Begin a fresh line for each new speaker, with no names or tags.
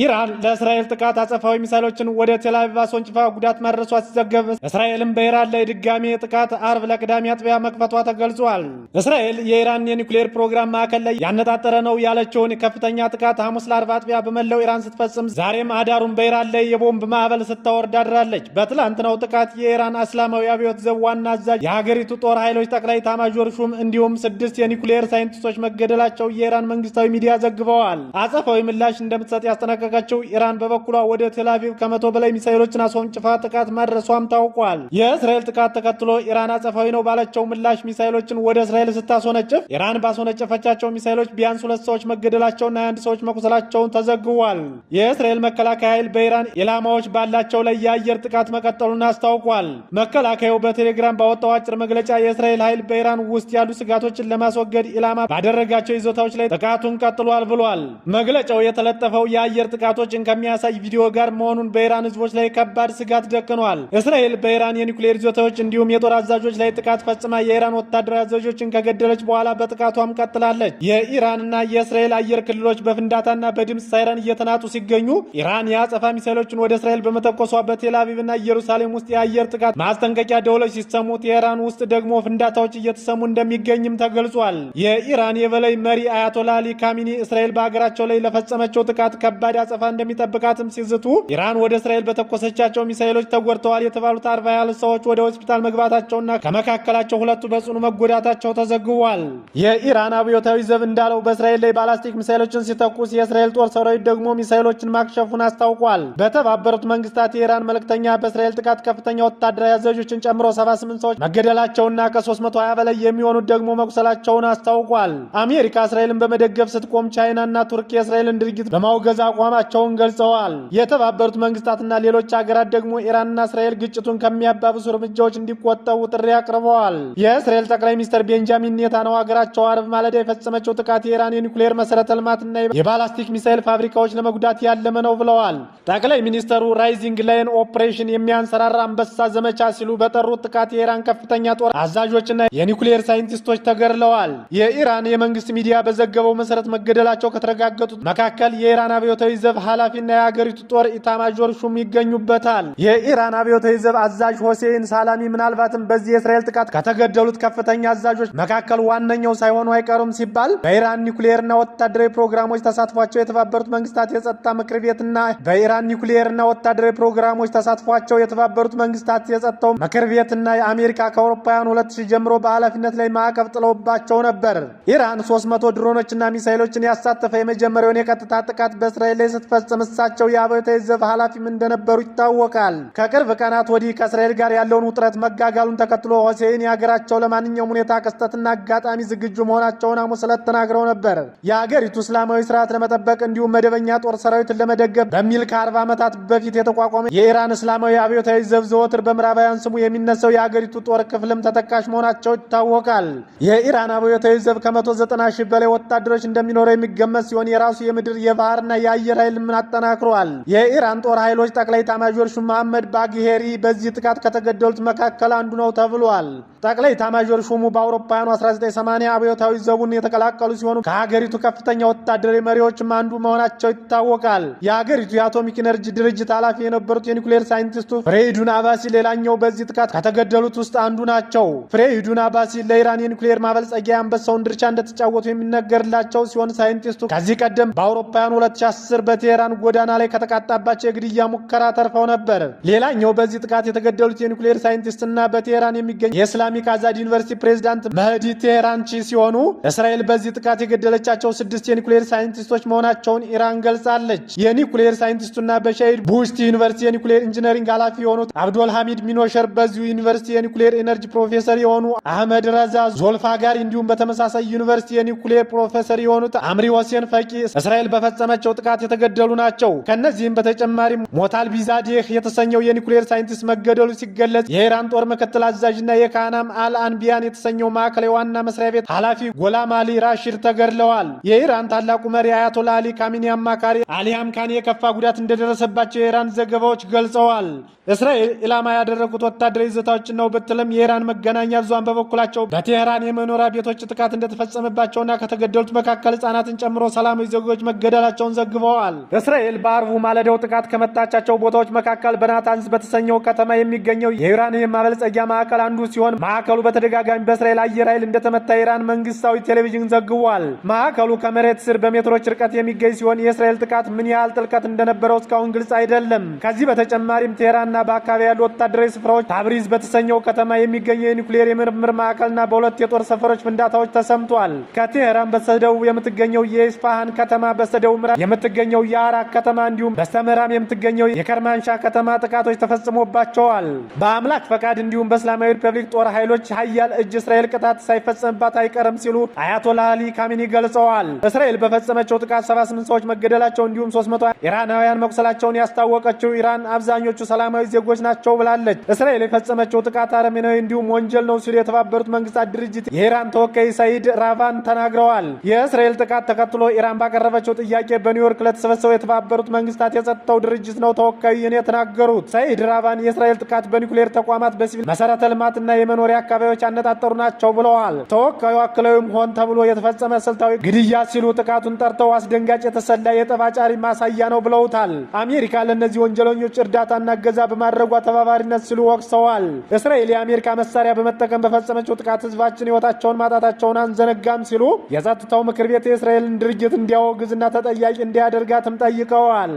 ኢራን ለእስራኤል ጥቃት አጸፋዊ ሚሳይሎችን ወደ ቴልአቪቭ አስወንጭፋ ጉዳት ማድረሷ ሲዘገብ እስራኤልም በኢራን ላይ ድጋሚ ጥቃት አርብ ለቅዳሜ አጥቢያ መክፈቷ ተገልጿል። እስራኤል የኢራን የኒውክሌር ፕሮግራም ማዕከል ላይ ያነጣጠረ ነው ያለችውን ከፍተኛ ጥቃት ሐሙስ ለአርብ አጥቢያ በመላው ኢራን ስትፈጽም ዛሬም አዳሩን በኢራን ላይ የቦምብ ማዕበል ስታወርድ አድራለች። በትላንትናው ጥቃት የኢራን እስላማዊ አብዮት ዘብ ዋና አዛዥ፣ የሀገሪቱ ጦር ኃይሎች ጠቅላይ ታማዦር ሹም እንዲሁም ስድስት የኒውክሌር ሳይንቲስቶች መገደላቸው የኢራን መንግስታዊ ሚዲያ ዘግበዋል። አጸፋዊ ምላሽ እንደምትሰጥ ያስጠነቅ ያስጠነቀቀችው ኢራን በበኩሏ ወደ ቴላቪቭ ከመቶ በላይ ሚሳይሎችን አስወንጭፋ ጥቃት ማድረሷም ታውቋል። የእስራኤል ጥቃት ተከትሎ ኢራን አጸፋዊ ነው ባለቸው ምላሽ ሚሳይሎችን ወደ እስራኤል ስታስወነጭፍ ኢራን ባስወነጨፈቻቸው ሚሳይሎች ቢያንስ ሁለት ሰዎች መገደላቸውና የአንድ ሰዎች መቁሰላቸውን ተዘግቧል። የእስራኤል መከላከያ ኃይል በኢራን ኢላማዎች ባላቸው ላይ የአየር ጥቃት መቀጠሉን አስታውቋል። መከላከያው በቴሌግራም ባወጣው አጭር መግለጫ የእስራኤል ኃይል በኢራን ውስጥ ያሉ ስጋቶችን ለማስወገድ ኢላማ ባደረጋቸው ይዞታዎች ላይ ጥቃቱን ቀጥሏል ብሏል። መግለጫው የተለጠፈው የአየር ጥቃቶችን ከሚያሳይ ቪዲዮ ጋር መሆኑን በኢራን ህዝቦች ላይ ከባድ ስጋት ደቅኗል። እስራኤል በኢራን የኒውክሌር ይዞታዎች እንዲሁም የጦር አዛዦች ላይ ጥቃት ፈጽማ የኢራን ወታደራዊ አዛዦችን ከገደለች በኋላ በጥቃቷም ቀጥላለች። የኢራንና የእስራኤል አየር ክልሎች በፍንዳታና በድምፅ ሳይረን እየተናጡ ሲገኙ ኢራን የአጸፋ ሚሳይሎችን ወደ እስራኤል በመተኮሷ በቴል ና ኢየሩሳሌም ውስጥ የአየር ጥቃት ማስጠንቀቂያ ደውሎች ሲሰሙ ቴሄራን ውስጥ ደግሞ ፍንዳታዎች እየተሰሙ እንደሚገኝም ተገልጿል። የኢራን የበላይ መሪ አያቶላ አሊ ካሚኒ እስራኤል በሀገራቸው ላይ ለፈጸመችው ጥቃት ከባድ አጸፋ እንደሚጠብቃትም ሲዝቱ ኢራን ወደ እስራኤል በተኮሰቻቸው ሚሳኤሎች ተጎድተዋል የተባሉት አርባ ያህል ሰዎች ወደ ሆስፒታል መግባታቸውና ከመካከላቸው ሁለቱ በጽኑ መጎዳታቸው ተዘግቧል። የኢራን አብዮታዊ ዘብ እንዳለው በእስራኤል ላይ ባላስቲክ ሚሳኤሎችን ሲተኩስ የእስራኤል ጦር ሰራዊት ደግሞ ሚሳኤሎችን ማክሸፉን አስታውቋል። በተባበሩት መንግስታት የኢራን መልእክተኛ በእስራኤል ጥቃት ከፍተኛ ወታደራዊ አዛዦችን ጨምሮ 78 ሰዎች መገደላቸውና ከ320 በላይ የሚሆኑት ደግሞ መቁሰላቸውን አስታውቋል። አሜሪካ እስራኤልን በመደገፍ ስትቆም ቻይና እና ቱርክ የእስራኤልን ድርጊት በማውገዝ አቋም መቃወማቸውን ገልጸዋል። የተባበሩት መንግስታትና ሌሎች ሀገራት ደግሞ ኢራንና እስራኤል ግጭቱን ከሚያባብሱ እርምጃዎች እንዲቆጠቡ ጥሪ አቅርበዋል። የእስራኤል ጠቅላይ ሚኒስትር ቤንጃሚን ኔታንያሁ ሀገራቸው አርብ ማለዳ የፈጸመችው ጥቃት የኢራን የኒኩሌር መሰረተ ልማትና የባላስቲክ ሚሳይል ፋብሪካዎች ለመጉዳት ያለመ ነው ብለዋል። ጠቅላይ ሚኒስተሩ ራይዚንግ ላይን ኦፕሬሽን የሚያንሰራራ አንበሳ ዘመቻ ሲሉ በጠሩት ጥቃት የኢራን ከፍተኛ ጦር አዛዦችና የኒኩሌር ሳይንቲስቶች ተገድለዋል። የኢራን የመንግስት ሚዲያ በዘገበው መሰረት መገደላቸው ከተረጋገጡት መካከል የኢራን አብዮታዊ ዘብ ኃላፊና የአገሪቱ ጦር ኢታማዦር ሹም ይገኙበታል። የኢራን አብዮታዊ ዘብ አዛዥ ሆሴን ሳላሚ ምናልባትም በዚህ የእስራኤል ጥቃት ከተገደሉት ከፍተኛ አዛዦች መካከል ዋነኛው ሳይሆኑ አይቀሩም ሲባል በኢራን ኒውክሌርና ወታደራዊ ፕሮግራሞች ተሳትፏቸው የተባበሩት መንግስታት የጸጥታ ምክር ቤትና በኢራን ኒውክሌርና ወታደራዊ ፕሮግራሞች ተሳትፏቸው የተባበሩት መንግስታት የጸጥታው ምክር ቤትና የአሜሪካ ከአውሮፓውያን 2000 ጀምሮ በኃላፊነት ላይ ማዕቀብ ጥለውባቸው ነበር። ኢራን 300 ድሮኖችና ሚሳይሎችን ያሳተፈ የመጀመሪያውን የቀጥታ ጥቃት በእስራኤል ላይ ስትፈጽም እሳቸው የአብዮታዊ ዘብ ኃላፊም እንደነበሩ ይታወቃል። ከቅርብ ቀናት ወዲህ ከእስራኤል ጋር ያለውን ውጥረት መጋጋሉን ተከትሎ ሆሴን የሀገራቸው ለማንኛውም ሁኔታ ክስተትና አጋጣሚ ዝግጁ መሆናቸውን ሐሙስ ዕለት ተናግረው ነበር። የሀገሪቱ እስላማዊ ስርዓት ለመጠበቅ እንዲሁም መደበኛ ጦር ሰራዊትን ለመደገፍ በሚል ከ40 ዓመታት በፊት የተቋቋመ የኢራን እስላማዊ አብዮታዊ ዘብ ዘወትር በምዕራባውያን ስሙ የሚነሳው የአገሪቱ ጦር ክፍልም ተጠቃሽ መሆናቸው ይታወቃል። የኢራን አብዮታዊ ዘብ ከ190 ሺህ በላይ ወታደሮች እንደሚኖረው የሚገመት ሲሆን የራሱ የምድር የባህርና የአየር ኃይልምን አጠናክሯል? የኢራን ጦር ኃይሎች ጠቅላይ ታማዦር ሹም መሐመድ ባግሄሪ በዚህ ጥቃት ከተገደሉት መካከል አንዱ ነው ተብሏል። ጠቅላይ ታማዦር ሹሙ በአውሮፓውያኑ 1980 አብዮታዊ ዘቡን የተቀላቀሉ ሲሆኑ ከሀገሪቱ ከፍተኛ ወታደራዊ መሪዎችም አንዱ መሆናቸው ይታወቃል። የሀገሪቱ የአቶሚክ ኤነርጂ ድርጅት ኃላፊ የነበሩት የኒኩሌር ሳይንቲስቱ ፍሬሂዱን አባሲ ሌላኛው በዚህ ጥቃት ከተገደሉት ውስጥ አንዱ ናቸው። ፍሬሂዱን አባሲ ለኢራን የኒኩሌር ማበልጸጊያ አንበሳውን ድርሻ እንደተጫወቱ የሚነገርላቸው ሲሆን ሳይንቲስቱ ከዚህ ቀደም በአውሮፓውያኑ 2010 በቴሄራን ጎዳና ላይ ከተቃጣባቸው የግድያ ሙከራ ተርፈው ነበር። ሌላኛው በዚህ ጥቃት የተገደሉት የኒኩሌር ሳይንቲስትና በቴሄራን የሚገኝ የእስላሚ ኢስላሚክ አዛድ ዩኒቨርሲቲ ፕሬዚዳንት መህዲ ቴሄራንቺ ሲሆኑ እስራኤል በዚህ ጥቃት የገደለቻቸው ስድስት የኒኩሌር ሳይንቲስቶች መሆናቸውን ኢራን ገልጻለች። የኒኩሌር ሳይንቲስቱና በሻሂድ ቡሽቲ ዩኒቨርሲቲ የኒኩሌር ኢንጂነሪንግ ኃላፊ የሆኑት አብዶል ሐሚድ ሚኖሸር በዚሁ ዩኒቨርሲቲ የኒኩሌር ኤነርጂ ፕሮፌሰር የሆኑ አህመድ ረዛ ዞልፋ ጋር እንዲሁም በተመሳሳይ ዩኒቨርሲቲ የኒኩሌር ፕሮፌሰር የሆኑት አምሪ ወሴን ፈቂ እስራኤል በፈጸመቸው ጥቃት የተገደሉ ናቸው። ከእነዚህም በተጨማሪ ሞታል ቢዛዴህ የተሰኘው የኒኩሌር ሳይንቲስት መገደሉ ሲገለጽ የኢራን ጦር ምክትል አዛዥና የካና ኢማም አል አንቢያን የተሰኘው ማዕከላዊ የዋና መስሪያ ቤት ኃላፊ ጎላም አሊ ራሺድ ተገድለዋል። የኢራን ታላቁ መሪ አያቶላ አሊ ካሚኒ አማካሪ አሊ አምካኒ የከፋ ጉዳት እንደደረሰባቸው የኢራን ዘገባዎች ገልጸዋል። እስራኤል ኢላማ ያደረጉት ወታደራዊ ይዞታዎችን ነው ብትልም የኢራን መገናኛ ብዙሃን በበኩላቸው በቴህራን የመኖሪያ ቤቶች ጥቃት እንደተፈጸመባቸውና ከተገደሉት መካከል ህጻናትን ጨምሮ ሰላማዊ ዜጎች መገደላቸውን ዘግበዋል። እስራኤል በአርቡ ማለዳው ጥቃት ከመታቻቸው ቦታዎች መካከል በናታንዝ በተሰኘው ከተማ የሚገኘው የኢራን የማበልጸጊያ ማዕከል አንዱ ሲሆን ማዕከሉ በተደጋጋሚ በእስራኤል አየር ኃይል እንደተመታ የኢራን መንግስታዊ ቴሌቪዥን ዘግቧል። ማዕከሉ ከመሬት ስር በሜትሮች ርቀት የሚገኝ ሲሆን የእስራኤል ጥቃት ምን ያህል ጥልቀት እንደነበረው እስካሁን ግልጽ አይደለም። ከዚህ በተጨማሪም ቴህራንና በአካባቢ ያሉ ወታደራዊ ስፍራዎች፣ ታብሪዝ በተሰኘው ከተማ የሚገኘው የኒኩሌር የምርምር ማዕከልና በሁለት የጦር ሰፈሮች ፍንዳታዎች ተሰምቷል። ከቴህራን በስተደቡብ የምትገኘው የኢስፋሃን ከተማ፣ በስተደቡብ ምዕራብ የምትገኘው የአራ ከተማ እንዲሁም በስተምዕራብ የምትገኘው የከርማንሻ ከተማ ጥቃቶች ተፈጽሞባቸዋል። በአምላክ ፈቃድ እንዲሁም በእስላማዊ ሪፐብሊክ ጦር ኃይሎች ሀያል እጅ እስራኤል ቅጣት ሳይፈጸምባት አይቀርም ሲሉ አያቶላ አሊ ካሚኒ ገልጸዋል። እስራኤል በፈጸመችው ጥቃት 78 ሰዎች መገደላቸው እንዲሁም 300 ኢራናውያን መቁሰላቸውን ያስታወቀችው ኢራን አብዛኞቹ ሰላማዊ ዜጎች ናቸው ብላለች። እስራኤል የፈጸመችው ጥቃት አረመኔያዊ እንዲሁም ወንጀል ነው ሲሉ የተባበሩት መንግስታት ድርጅት የኢራን ተወካይ ሰይድ ራቫን ተናግረዋል። የእስራኤል ጥቃት ተከትሎ ኢራን ባቀረበችው ጥያቄ በኒውዮርክ ለተሰበሰበው የተባበሩት መንግስታት የጸጥታው ድርጅት ነው ተወካዩ ይህን የተናገሩት። ሰይድ ራቫን የእስራኤል ጥቃት በኒውክሌር ተቋማት፣ በሲቪል መሰረተ ልማት እና የመኖሪያ መኖሪያ አካባቢዎች ያነጣጠሩ ናቸው ብለዋል። ተወካዩ አክለውም ሆን ተብሎ የተፈጸመ ስልታዊ ግድያ ሲሉ ጥቃቱን ጠርተው አስደንጋጭ የተሰላ የጠብ ማሳያ ነው ብለውታል። አሜሪካ ለእነዚህ ወንጀለኞች እርዳታና እገዛ በማድረጓ ተባባሪነት ሲሉ ወቅሰዋል። እስራኤል የአሜሪካ መሳሪያ በመጠቀም በፈጸመችው ጥቃት ህዝባችን ህይወታቸውን ማጣታቸውን አንዘነጋም ሲሉ የጸጥታው ምክር ቤት የእስራኤልን ድርጊት እንዲያወግዝና ተጠያቂ እንዲያደርጋትም ጠይቀዋል።